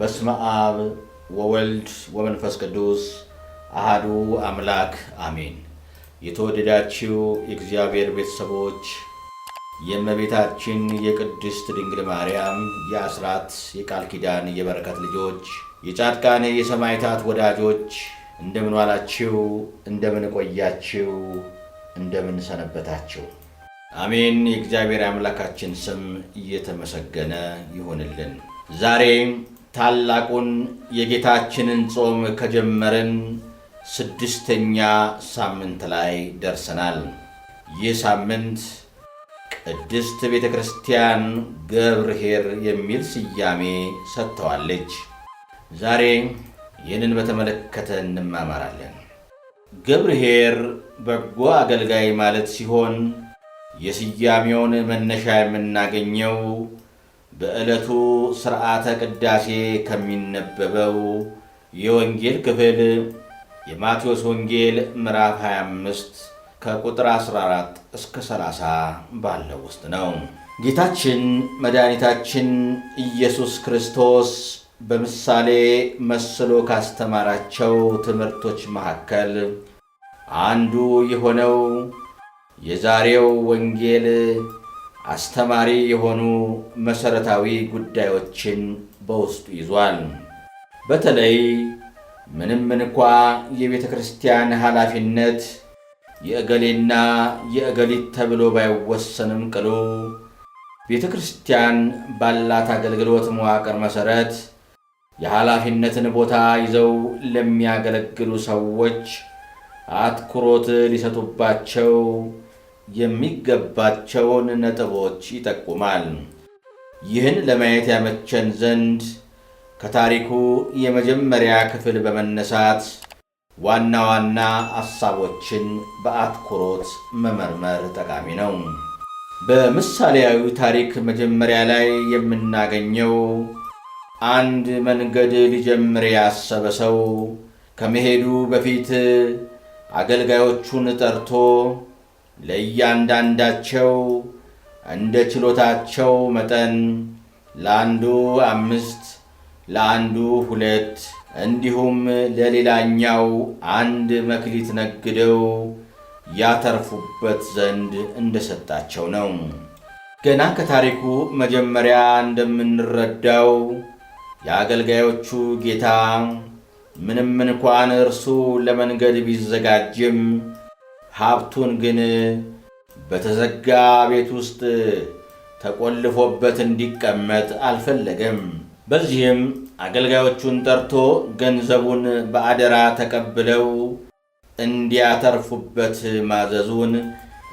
በስመ አብ ወወልድ ወመንፈስ ቅዱስ አህዱ አምላክ አሜን። የተወደዳችው የእግዚአብሔር ቤተሰቦች የእመቤታችን የቅድስት ድንግል ማርያም የአስራት የቃል ኪዳን የበረከት ልጆች የጻድቃን የሰማዕታት ወዳጆች እንደምን ዋላችሁ? እንደምን ቆያችሁ? እንደምን ሰነበታችሁ? አሜን። የእግዚአብሔር አምላካችን ስም እየተመሰገነ ይሆንልን ዛሬ ታላቁን የጌታችንን ጾም ከጀመርን ስድስተኛ ሳምንት ላይ ደርሰናል። ይህ ሳምንት ቅድስት ቤተ ክርስቲያን ገብርኄር የሚል ስያሜ ሰጥተዋለች። ዛሬ ይህንን በተመለከተ እንማማራለን። ገብርኄር በጎ አገልጋይ ማለት ሲሆን የስያሜውን መነሻ የምናገኘው በዕለቱ ሥርዓተ ቅዳሴ ከሚነበበው የወንጌል ክፍል የማቴዎስ ወንጌል ምዕራፍ 25 ከቁጥር 14 እስከ 30 ባለው ውስጥ ነው። ጌታችን መድኃኒታችን ኢየሱስ ክርስቶስ በምሳሌ መስሎ ካስተማራቸው ትምህርቶች መካከል አንዱ የሆነው የዛሬው ወንጌል አስተማሪ የሆኑ መሠረታዊ ጉዳዮችን በውስጡ ይዟል። በተለይ ምንም እንኳ የቤተ ክርስቲያን ኃላፊነት የእገሌና የእገሊት ተብሎ ባይወሰንም ቅሉ ቤተ ክርስቲያን ባላት አገልግሎት መዋቅር መሠረት የኃላፊነትን ቦታ ይዘው ለሚያገለግሉ ሰዎች አትኩሮት ሊሰጡባቸው የሚገባቸውን ነጥቦች ይጠቁማል። ይህን ለማየት ያመቸን ዘንድ ከታሪኩ የመጀመሪያ ክፍል በመነሳት ዋና ዋና ሐሳቦችን በአትኩሮት መመርመር ጠቃሚ ነው። በምሳሌያዊ ታሪክ መጀመሪያ ላይ የምናገኘው አንድ መንገድ ሊጀምር ያሰበ ሰው ከመሄዱ በፊት አገልጋዮቹን ጠርቶ ለእያንዳንዳቸው እንደ ችሎታቸው መጠን ለአንዱ አምስት፣ ለአንዱ ሁለት እንዲሁም ለሌላኛው አንድ መክሊት ነግደው ያተርፉበት ዘንድ እንደሰጣቸው ነው። ገና ከታሪኩ መጀመሪያ እንደምንረዳው የአገልጋዮቹ ጌታ ምንም እንኳን እርሱ ለመንገድ ቢዘጋጅም ሀብቱን ግን በተዘጋ ቤት ውስጥ ተቆልፎበት እንዲቀመጥ አልፈለገም። በዚህም አገልጋዮቹን ጠርቶ ገንዘቡን በአደራ ተቀብለው እንዲያተርፉበት ማዘዙን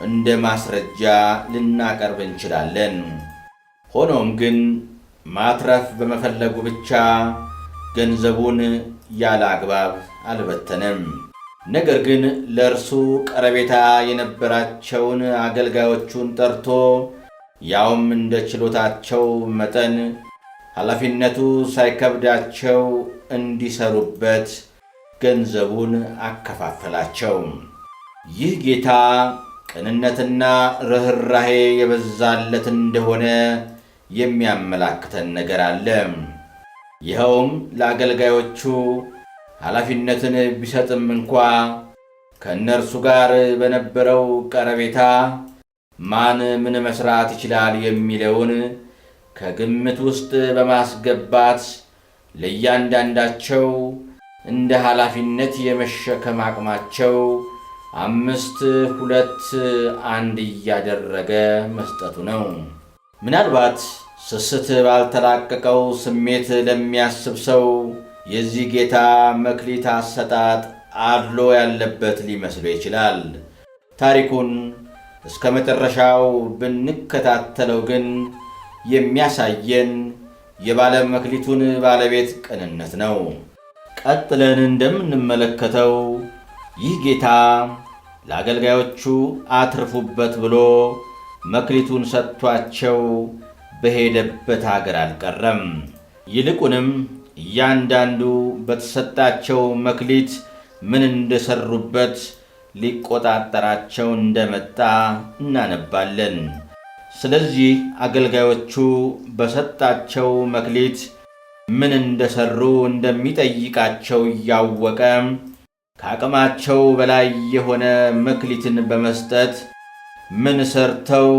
እንደ ማስረጃ ልናቀርብ እንችላለን። ሆኖም ግን ማትረፍ በመፈለጉ ብቻ ገንዘቡን ያለ አግባብ አልበተነም። ነገር ግን ለእርሱ ቀረቤታ የነበራቸውን አገልጋዮቹን ጠርቶ ያውም እንደ ችሎታቸው መጠን ኃላፊነቱ ሳይከብዳቸው እንዲሰሩበት ገንዘቡን አከፋፈላቸው። ይህ ጌታ ቅንነትና ርኅራሄ የበዛለት እንደሆነ የሚያመላክተን ነገር አለ። ይኸውም ለአገልጋዮቹ ኃላፊነትን ቢሰጥም እንኳ ከእነርሱ ጋር በነበረው ቀረቤታ ማን ምን መስራት ይችላል የሚለውን ከግምት ውስጥ በማስገባት ለእያንዳንዳቸው እንደ ኃላፊነት የመሸከም አቅማቸው አምስት ሁለት አንድ እያደረገ መስጠቱ ነው። ምናልባት ስስት ባልተላቀቀው ስሜት ለሚያስብ ሰው የዚህ ጌታ መክሊት አሰጣጥ አድሎ ያለበት ሊመስል ይችላል። ታሪኩን እስከ መጨረሻው ብንከታተለው ግን የሚያሳየን የባለ መክሊቱን ባለቤት ቅንነት ነው። ቀጥለን እንደምንመለከተው ይህ ጌታ ለአገልጋዮቹ አትርፉበት ብሎ መክሊቱን ሰጥቷቸው በሄደበት አገር አልቀረም። ይልቁንም እያንዳንዱ በተሰጣቸው መክሊት ምን እንደሰሩበት ሊቆጣጠራቸው እንደመጣ እናነባለን። ስለዚህ አገልጋዮቹ በሰጣቸው መክሊት ምን እንደሰሩ እንደሚጠይቃቸው እያወቀ ከአቅማቸው በላይ የሆነ መክሊትን በመስጠት ምን ሰርተው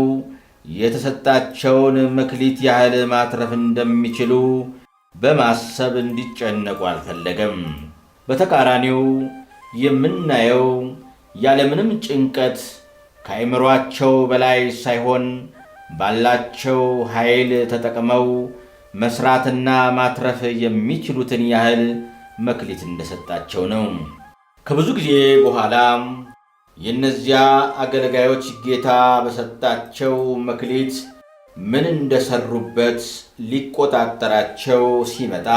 የተሰጣቸውን መክሊት ያህል ማትረፍ እንደሚችሉ በማሰብ እንዲጨነቁ አልፈለገም። በተቃራኒው የምናየው ያለምንም ጭንቀት ከአእምሯቸው በላይ ሳይሆን ባላቸው ኃይል ተጠቅመው መስራትና ማትረፍ የሚችሉትን ያህል መክሊት እንደሰጣቸው ነው። ከብዙ ጊዜ በኋላ የእነዚያ አገልጋዮች ጌታ በሰጣቸው መክሊት ምን እንደሰሩበት ሊቆጣጠራቸው ሲመጣ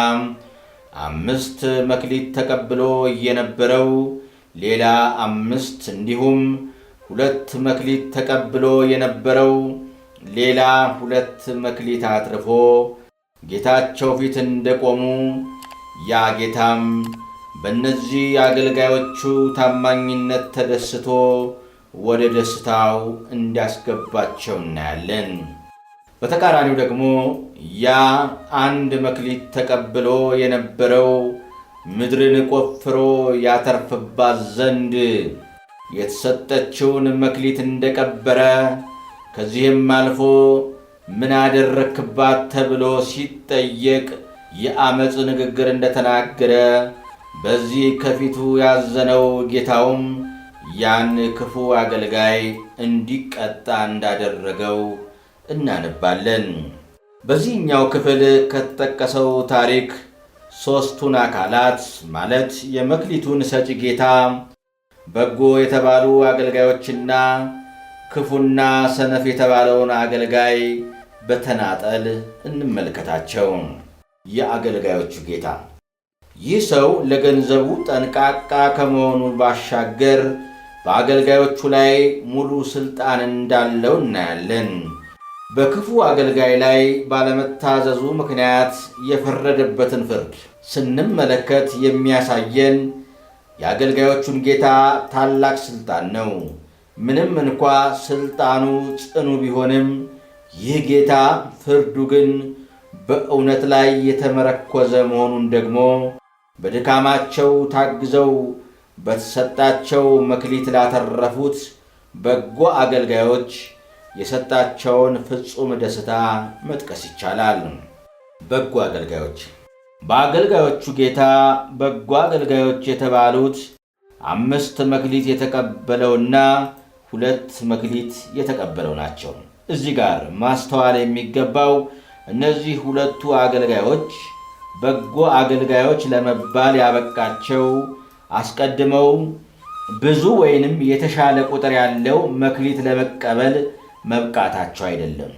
አምስት መክሊት ተቀብሎ የነበረው ሌላ አምስት እንዲሁም ሁለት መክሊት ተቀብሎ የነበረው ሌላ ሁለት መክሊት አትርፎ ጌታቸው ፊት እንደቆሙ ያ ጌታም በእነዚህ አገልጋዮቹ ታማኝነት ተደስቶ ወደ ደስታው እንዲያስገባቸው እናያለን። በተቃራኒው ደግሞ ያ አንድ መክሊት ተቀብሎ የነበረው ምድርን ቆፍሮ ያተርፍባት ዘንድ የተሰጠችውን መክሊት እንደቀበረ ከዚህም አልፎ ምን አደረክባት ተብሎ ሲጠየቅ የአመፅ ንግግር እንደተናገረ በዚህ ከፊቱ ያዘነው ጌታውም ያን ክፉ አገልጋይ እንዲቀጣ እንዳደረገው እናነባለን። በዚህኛው ክፍል ከተጠቀሰው ታሪክ ሦስቱን አካላት ማለት የመክሊቱን ሰጪ ጌታ፣ በጎ የተባሉ አገልጋዮችና ክፉና ሰነፍ የተባለውን አገልጋይ በተናጠል እንመልከታቸው። የአገልጋዮቹ ጌታ ይህ ሰው ለገንዘቡ ጠንቃቃ ከመሆኑ ባሻገር በአገልጋዮቹ ላይ ሙሉ ሥልጣን እንዳለው እናያለን። በክፉ አገልጋይ ላይ ባለመታዘዙ ምክንያት የፈረደበትን ፍርድ ስንመለከት የሚያሳየን የአገልጋዮቹን ጌታ ታላቅ ስልጣን ነው። ምንም እንኳ ስልጣኑ ጽኑ ቢሆንም ይህ ጌታ ፍርዱ ግን በእውነት ላይ የተመረኮዘ መሆኑን ደግሞ በድካማቸው ታግዘው በተሰጣቸው መክሊት ላተረፉት በጎ አገልጋዮች የሰጣቸውን ፍጹም ደስታ መጥቀስ ይቻላል። በጎ አገልጋዮች በአገልጋዮቹ ጌታ በጎ አገልጋዮች የተባሉት አምስት መክሊት የተቀበለውና ሁለት መክሊት የተቀበለው ናቸው። እዚህ ጋር ማስተዋል የሚገባው እነዚህ ሁለቱ አገልጋዮች በጎ አገልጋዮች ለመባል ያበቃቸው አስቀድመው ብዙ ወይንም የተሻለ ቁጥር ያለው መክሊት ለመቀበል መብቃታቸው አይደለም።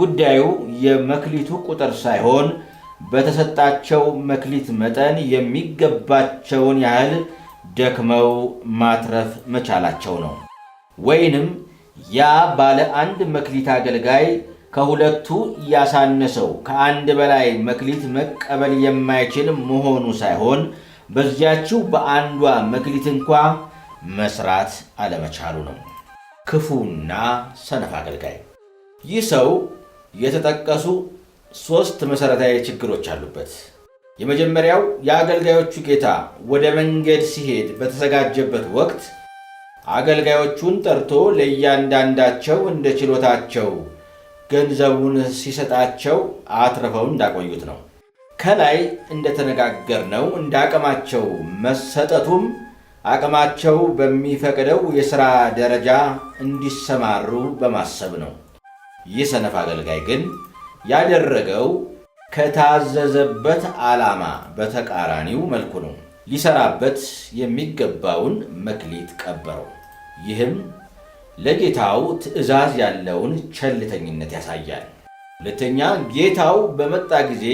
ጉዳዩ የመክሊቱ ቁጥር ሳይሆን በተሰጣቸው መክሊት መጠን የሚገባቸውን ያህል ደክመው ማትረፍ መቻላቸው ነው። ወይንም ያ ባለ አንድ መክሊት አገልጋይ ከሁለቱ ያሳነሰው ከአንድ በላይ መክሊት መቀበል የማይችል መሆኑ ሳይሆን በዚያችው በአንዷ መክሊት እንኳ መስራት አለመቻሉ ነው። ክፉና ሰነፍ አገልጋይ። ይህ ሰው የተጠቀሱ ሦስት መሠረታዊ ችግሮች አሉበት። የመጀመሪያው የአገልጋዮቹ ጌታ ወደ መንገድ ሲሄድ በተዘጋጀበት ወቅት አገልጋዮቹን ጠርቶ ለእያንዳንዳቸው እንደ ችሎታቸው ገንዘቡን ሲሰጣቸው አትርፈው እንዳቆዩት ነው። ከላይ እንደተነጋገርነው እንደ አቅማቸው መሰጠቱም አቅማቸው በሚፈቅደው የሥራ ደረጃ እንዲሰማሩ በማሰብ ነው። ይህ ሰነፍ አገልጋይ ግን ያደረገው ከታዘዘበት ዓላማ በተቃራኒው መልኩ ነው። ሊሰራበት የሚገባውን መክሊት ቀበረው። ይህም ለጌታው ትእዛዝ ያለውን ቸልተኝነት ያሳያል። ሁለተኛ፣ ጌታው በመጣ ጊዜ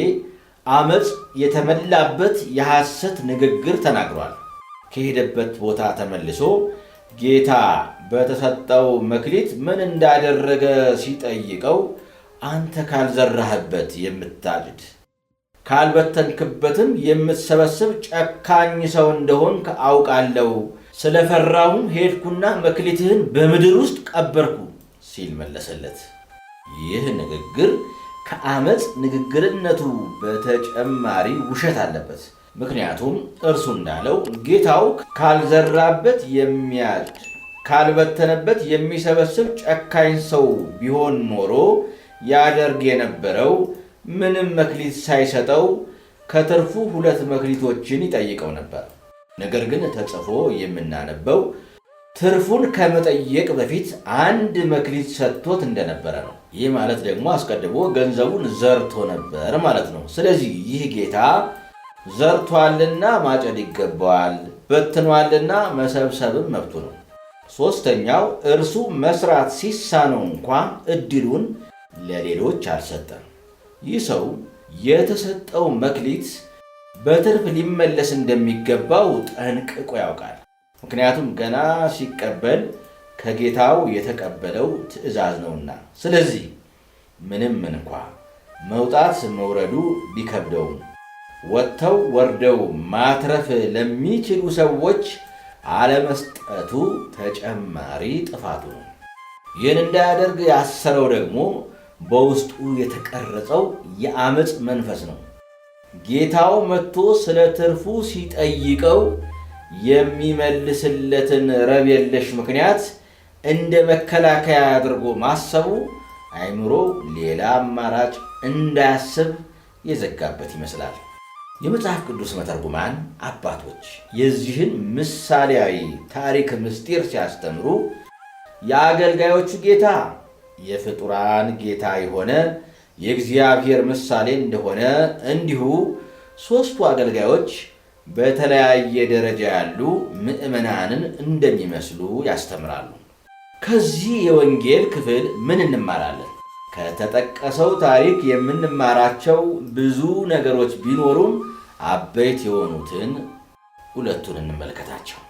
አመፅ የተመላበት የሐሰት ንግግር ተናግሯል። ከሄደበት ቦታ ተመልሶ ጌታ በተሰጠው መክሊት ምን እንዳደረገ ሲጠይቀው አንተ ካልዘራህበት የምታጭድ ካልበተንክበትም የምትሰበስብ ጨካኝ ሰው እንደሆንክ አውቃለሁ። ስለፈራሁም ሄድኩና መክሊትህን በምድር ውስጥ ቀበርኩ ሲል መለሰለት። ይህ ንግግር ከአመፅ ንግግርነቱ በተጨማሪ ውሸት አለበት። ምክንያቱም እርሱ እንዳለው ጌታው ካልዘራበት የሚያድ ካልበተነበት የሚሰበስብ ጨካኝ ሰው ቢሆን ኖሮ ያደርግ የነበረው ምንም መክሊት ሳይሰጠው ከትርፉ ሁለት መክሊቶችን ይጠይቀው ነበር። ነገር ግን ተጽፎ የምናነበው ትርፉን ከመጠየቅ በፊት አንድ መክሊት ሰጥቶት እንደነበረ ነው። ይህ ማለት ደግሞ አስቀድሞ ገንዘቡን ዘርቶ ነበር ማለት ነው። ስለዚህ ይህ ጌታ ዘርቷልና ማጨድ ይገባዋል፣ በትኗልና መሰብሰብም መብቱ ነው። ሦስተኛው እርሱ መስራት ሲሳነው እንኳ እድሉን ለሌሎች አልሰጠም። ይህ ሰው የተሰጠው መክሊት በትርፍ ሊመለስ እንደሚገባው ጠንቅቆ ያውቃል። ምክንያቱም ገና ሲቀበል ከጌታው የተቀበለው ትእዛዝ ነውና። ስለዚህ ምንም እንኳ መውጣት መውረዱ ቢከብደውም ወጥተው ወርደው ማትረፍ ለሚችሉ ሰዎች አለመስጠቱ ተጨማሪ ጥፋቱ ነው። ይህን እንዳያደርግ ያሰረው ደግሞ በውስጡ የተቀረጸው የአመፅ መንፈስ ነው። ጌታው መጥቶ ስለ ትርፉ ሲጠይቀው የሚመልስለትን ረብ የለሽ ምክንያት እንደ መከላከያ አድርጎ ማሰቡ አይምሮ ሌላ አማራጭ እንዳያስብ የዘጋበት ይመስላል። የመጽሐፍ ቅዱስ መተርጉማን አባቶች የዚህን ምሳሌያዊ ታሪክ ምስጢር ሲያስተምሩ የአገልጋዮቹ ጌታ የፍጡራን ጌታ የሆነ የእግዚአብሔር ምሳሌ እንደሆነ እንዲሁ ሦስቱ አገልጋዮች በተለያየ ደረጃ ያሉ ምዕመናንን እንደሚመስሉ ያስተምራሉ። ከዚህ የወንጌል ክፍል ምን እንማራለን? ከተጠቀሰው ታሪክ የምንማራቸው ብዙ ነገሮች ቢኖሩም አበይት የሆኑትን ሁለቱን እንመልከታቸው።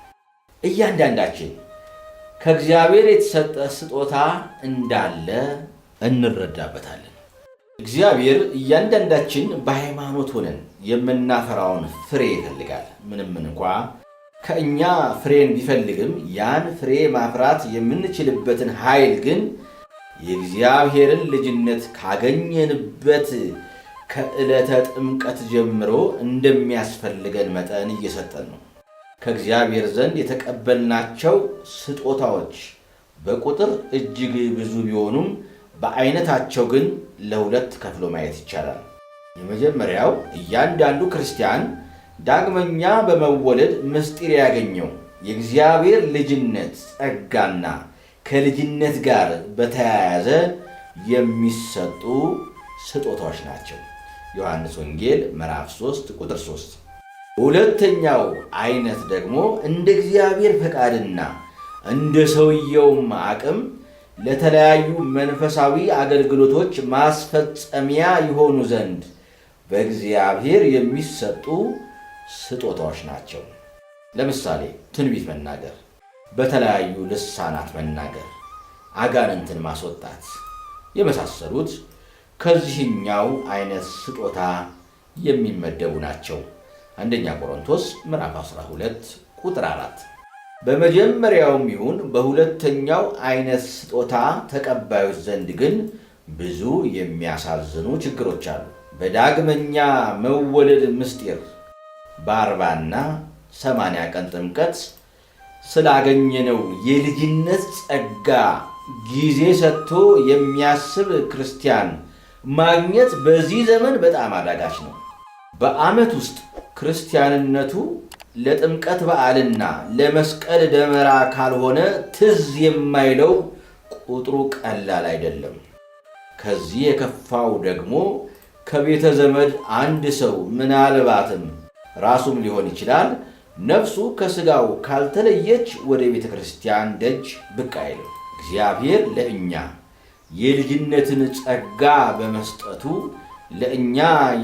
እያንዳንዳችን ከእግዚአብሔር የተሰጠ ስጦታ እንዳለ እንረዳበታለን። እግዚአብሔር እያንዳንዳችን በሃይማኖት ሆነን የምናፈራውን ፍሬ ይፈልጋል። ምንም እንኳ ከእኛ ፍሬን ቢፈልግም ያን ፍሬ ማፍራት የምንችልበትን ኃይል ግን የእግዚአብሔርን ልጅነት ካገኘንበት ከዕለተ ጥምቀት ጀምሮ እንደሚያስፈልገን መጠን እየሰጠን ነው። ከእግዚአብሔር ዘንድ የተቀበልናቸው ስጦታዎች በቁጥር እጅግ ብዙ ቢሆኑም በአይነታቸው ግን ለሁለት ከፍሎ ማየት ይቻላል። የመጀመሪያው እያንዳንዱ ክርስቲያን ዳግመኛ በመወለድ ምስጢር ያገኘው የእግዚአብሔር ልጅነት ጸጋና ከልጅነት ጋር በተያያዘ የሚሰጡ ስጦታዎች ናቸው። ዮሐንስ ወንጌል ምዕራፍ 3 ቁጥር 3። ሁለተኛው አይነት ደግሞ እንደ እግዚአብሔር ፈቃድና እንደ ሰውየውም አቅም ለተለያዩ መንፈሳዊ አገልግሎቶች ማስፈጸሚያ የሆኑ ዘንድ በእግዚአብሔር የሚሰጡ ስጦታዎች ናቸው። ለምሳሌ ትንቢት መናገር በተለያዩ ልሳናት መናገር፣ አጋንንትን ማስወጣት የመሳሰሉት ከዚህኛው አይነት ስጦታ የሚመደቡ ናቸው። አንደኛ ቆሮንቶስ ምዕራፍ 12 ቁጥር 4። በመጀመሪያውም ይሁን በሁለተኛው አይነት ስጦታ ተቀባዮች ዘንድ ግን ብዙ የሚያሳዝኑ ችግሮች አሉ። በዳግመኛ መወለድ ምስጢር በአርባና ሰማንያ ቀን ጥምቀት ስላገኘነው የልጅነት ጸጋ ጊዜ ሰጥቶ የሚያስብ ክርስቲያን ማግኘት በዚህ ዘመን በጣም አዳጋች ነው። በዓመት ውስጥ ክርስቲያንነቱ ለጥምቀት በዓልና ለመስቀል ደመራ ካልሆነ ትዝ የማይለው ቁጥሩ ቀላል አይደለም። ከዚህ የከፋው ደግሞ ከቤተ ዘመድ አንድ ሰው ምናልባትም ራሱም ሊሆን ይችላል ነፍሱ ከሥጋው ካልተለየች ወደ ቤተ ክርስቲያን ደጅ ብቅ አይልም። እግዚአብሔር ለእኛ የልጅነትን ጸጋ በመስጠቱ ለእኛ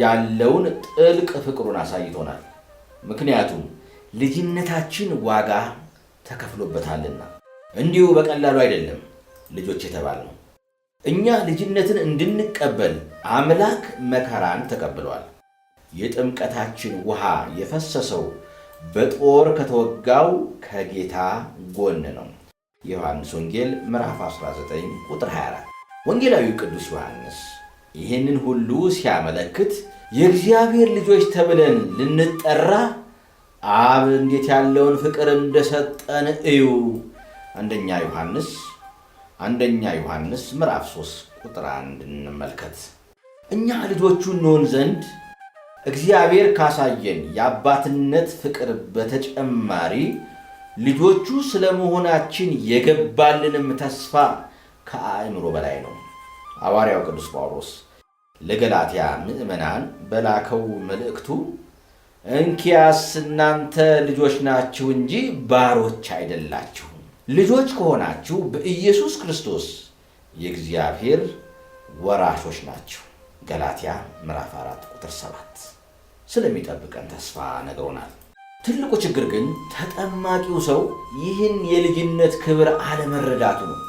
ያለውን ጥልቅ ፍቅሩን አሳይቶናል። ምክንያቱም ልጅነታችን ዋጋ ተከፍሎበታልና እንዲሁ በቀላሉ አይደለም ልጆች የተባልነው። እኛ ልጅነትን እንድንቀበል አምላክ መከራን ተቀብሏል። የጥምቀታችን ውሃ የፈሰሰው በጦር ከተወጋው ከጌታ ጎን ነው። የዮሐንስ ወንጌል ምዕራፍ 19 ቁጥር 24። ወንጌላዊው ቅዱስ ዮሐንስ ይህንን ሁሉ ሲያመለክት የእግዚአብሔር ልጆች ተብለን ልንጠራ አብ እንዴት ያለውን ፍቅር እንደሰጠን እዩ። አንደኛ ዮሐንስ አንደኛ ዮሐንስ ምዕራፍ 3 ቁጥር 1 እንመልከት። እኛ ልጆቹ እንሆን ዘንድ እግዚአብሔር ካሳየን የአባትነት ፍቅር በተጨማሪ ልጆቹ ስለመሆናችን የገባልንም ተስፋ ከአእምሮ በላይ ነው። ሐዋርያው ቅዱስ ጳውሎስ ለገላትያ ምዕመናን በላከው መልእክቱ እንኪያስ እናንተ ልጆች ናችሁ እንጂ ባሮች አይደላችሁ። ልጆች ከሆናችሁ በኢየሱስ ክርስቶስ የእግዚአብሔር ወራሾች ናችሁ። ገላትያ ምዕራፍ 4 ቁጥር 7 ስለሚጠብቀን ተስፋ ነግሮናል። ትልቁ ችግር ግን ተጠማቂው ሰው ይህን የልጅነት ክብር አለመረዳቱ ነው።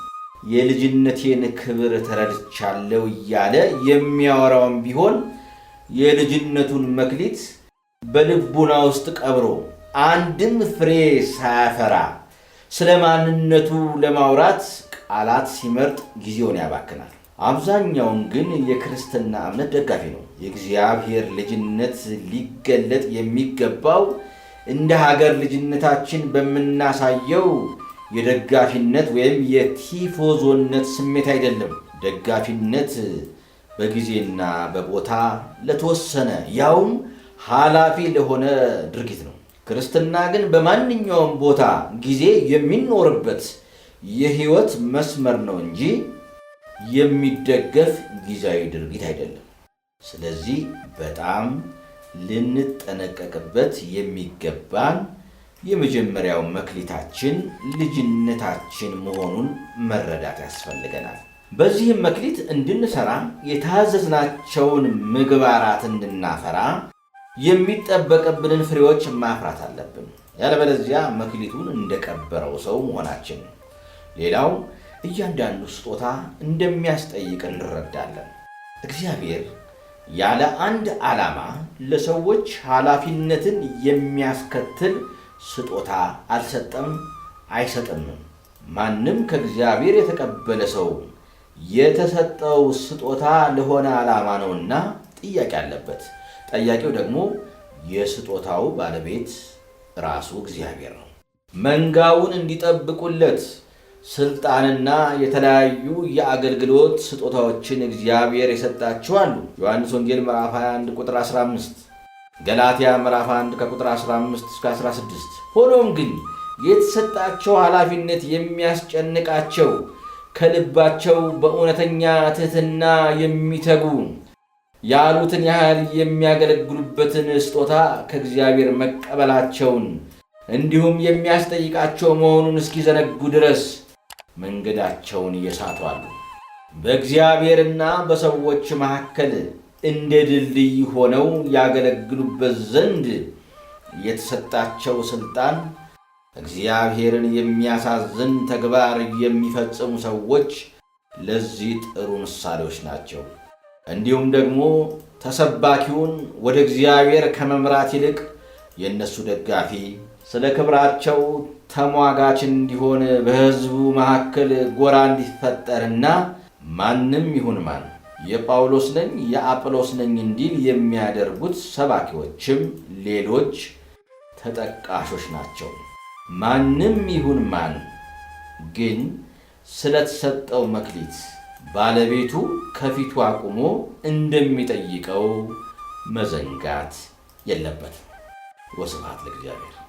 የልጅነቴን ክብር ተረድቻለሁ እያለ የሚያወራውን ቢሆን የልጅነቱን መክሊት በልቡና ውስጥ ቀብሮ አንድም ፍሬ ሳያፈራ ስለ ማንነቱ ለማውራት ቃላት ሲመርጥ ጊዜውን ያባክናል። አብዛኛውን ግን የክርስትና እምነት ደጋፊ ነው። የእግዚአብሔር ልጅነት ሊገለጥ የሚገባው እንደ ሀገር ልጅነታችን በምናሳየው የደጋፊነት ወይም የቲፎዞነት ስሜት አይደለም። ደጋፊነት በጊዜና በቦታ ለተወሰነ ያውም ኃላፊ ለሆነ ድርጊት ነው። ክርስትና ግን በማንኛውም ቦታ ጊዜ የሚኖርበት የሕይወት መስመር ነው እንጂ የሚደገፍ ጊዜያዊ ድርጊት አይደለም። ስለዚህ በጣም ልንጠነቀቅበት የሚገባን የመጀመሪያው መክሊታችን ልጅነታችን መሆኑን መረዳት ያስፈልገናል። በዚህም መክሊት እንድንሰራ የታዘዝናቸውን ምግባራት እንድናፈራ የሚጠበቅብንን ፍሬዎች ማፍራት አለብን። ያለበለዚያ መክሊቱን እንደቀበረው ሰው መሆናችን። ሌላው እያንዳንዱ ስጦታ እንደሚያስጠይቅ እንረዳለን። እግዚአብሔር ያለ አንድ ዓላማ ለሰዎች ኃላፊነትን የሚያስከትል ስጦታ አልሰጠም አይሰጥም። ማንም ከእግዚአብሔር የተቀበለ ሰው የተሰጠው ስጦታ ለሆነ ዓላማ ነውና ጥያቄ አለበት። ጠያቂው ደግሞ የስጦታው ባለቤት ራሱ እግዚአብሔር ነው። መንጋውን እንዲጠብቁለት ስልጣንና የተለያዩ የአገልግሎት ስጦታዎችን እግዚአብሔር የሰጣችሁ አሉ። ዮሐንስ ወንጌል ምዕራፍ 21 ቁጥር 15፣ ገላትያ ምዕራፍ 1 ከቁጥር 15 እስከ 16። ሆኖም ግን የተሰጣቸው ኃላፊነት የሚያስጨንቃቸው ከልባቸው በእውነተኛ ትህትና የሚተጉ ያሉትን ያህል የሚያገለግሉበትን ስጦታ ከእግዚአብሔር መቀበላቸውን እንዲሁም የሚያስጠይቃቸው መሆኑን እስኪዘነጉ ድረስ መንገዳቸውን እየሳቷሉ በእግዚአብሔርና በሰዎች መካከል እንደ ድልድይ ሆነው ያገለግሉበት ዘንድ የተሰጣቸው ሥልጣን እግዚአብሔርን የሚያሳዝን ተግባር የሚፈጽሙ ሰዎች ለዚህ ጥሩ ምሳሌዎች ናቸው። እንዲሁም ደግሞ ተሰባኪውን ወደ እግዚአብሔር ከመምራት ይልቅ የእነሱ ደጋፊ ስለ ክብራቸው ተሟጋች እንዲሆን በሕዝቡ መካከል ጎራ እንዲፈጠርና ማንም ይሁን ማን የጳውሎስ ነኝ የአጵሎስ ነኝ እንዲል የሚያደርጉት ሰባኪዎችም ሌሎች ተጠቃሾች ናቸው። ማንም ይሁን ማን ግን ስለተሰጠው መክሊት ባለቤቱ ከፊቱ አቁሞ እንደሚጠይቀው መዘንጋት የለበትም። ወስብሐት ለእግዚአብሔር።